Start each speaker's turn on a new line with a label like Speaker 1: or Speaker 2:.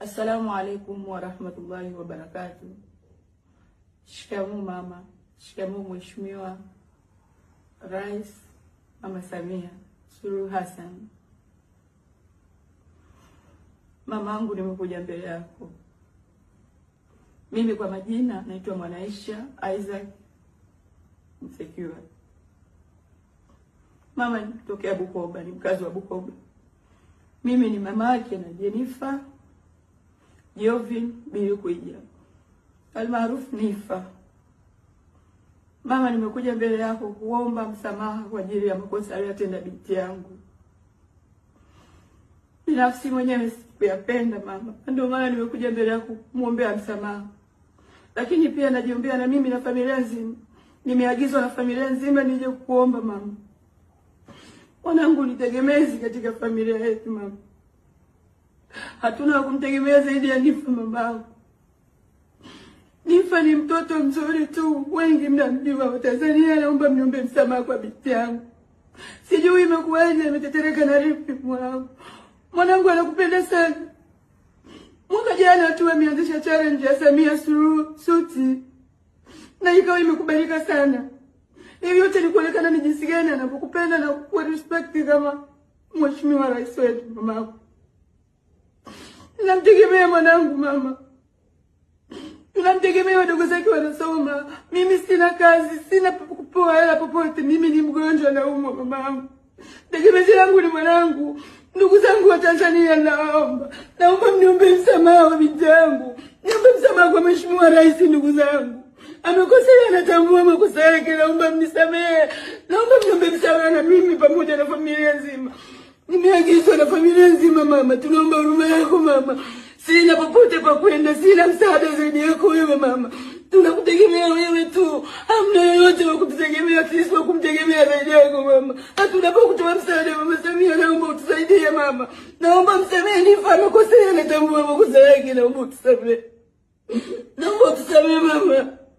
Speaker 1: Assalamu alaikum warahmatullahi wabarakatu. shikamu mama, shikamu mheshimiwa Rais Mama Samia Suluhu Hassan. Mamangu, nimekuja mbele yako. Mimi kwa majina naitwa Mwanaisha Isaac Msekiwa. Mama, nikitokea Bukoba, ni mkazi wa Bukoba. Mimi ni mama yake na Jenifa Jovin Bilikuija almaarufu Nifa. Mama, nimekuja mbele yako kuomba msamaha kwa ajili ya makosa aliyotenda binti yangu. Binafsi mwenyewe sikuyapenda mama, ndio maana nimekuja mbele yako kumwombea msamaha, lakini pia najiombea na mimi na familia nzima. Nimeagizwa na familia nzima nije kuomba mama. Mwanangu nitegemezi katika familia yetu mama hatuna wa kumtegemea zaidi ya Nifa. Mamangu Nifa ni mtoto mzuri tu, wengi mnamjua. Watanzania, naomba mniombe msamaha kwa binti yangu, sijui imekuwaje, imetetereka na rifi. Mwanangu, mwanangu anakupenda sana. Mwaka jana tu ameanzisha challenge ya Samia Suluhu suti na ikawa imekubalika sana. Hiyo yote ni kuonekana ni jinsi gani anavyokupenda na kuwa respect kama mheshimiwa rais wetu mamangu. Namtegemea mwanangu mama, namtegemea wadogo zake wanasoma. Mimi sina kazi, sina kupoa hela popote. Mimi ni mgonjwa, naumwa mamangu. Tegemezi langu ni mwanangu. Ndugu zangu wa Tanzania, naomba naomba mniombe msamaha wa binti niombe msamaha kwa Mheshimiwa Rais. Ndugu zangu amekosea, anatambua makosa yake. Naomba mnisamehe, naomba mniombe msamaha na mimi pamoja na familia. Nimeagizwa na familia nzima, mama, tunaomba huruma yako mama. Sina popote pa kwenda, sina msaada zaidi yako wewe mama. Tunakutegemea wewe tu, hamna yoyote wa kutegemea sisi, wa kumtegemea zaidi yako mama. Hatuna pa kutoa msaada. Mama Samia, naomba utusaidie mama, naomba msamehe, ni mfano kosea, natambua makosa yake, naomba utusamehe, naomba utusamehe mama.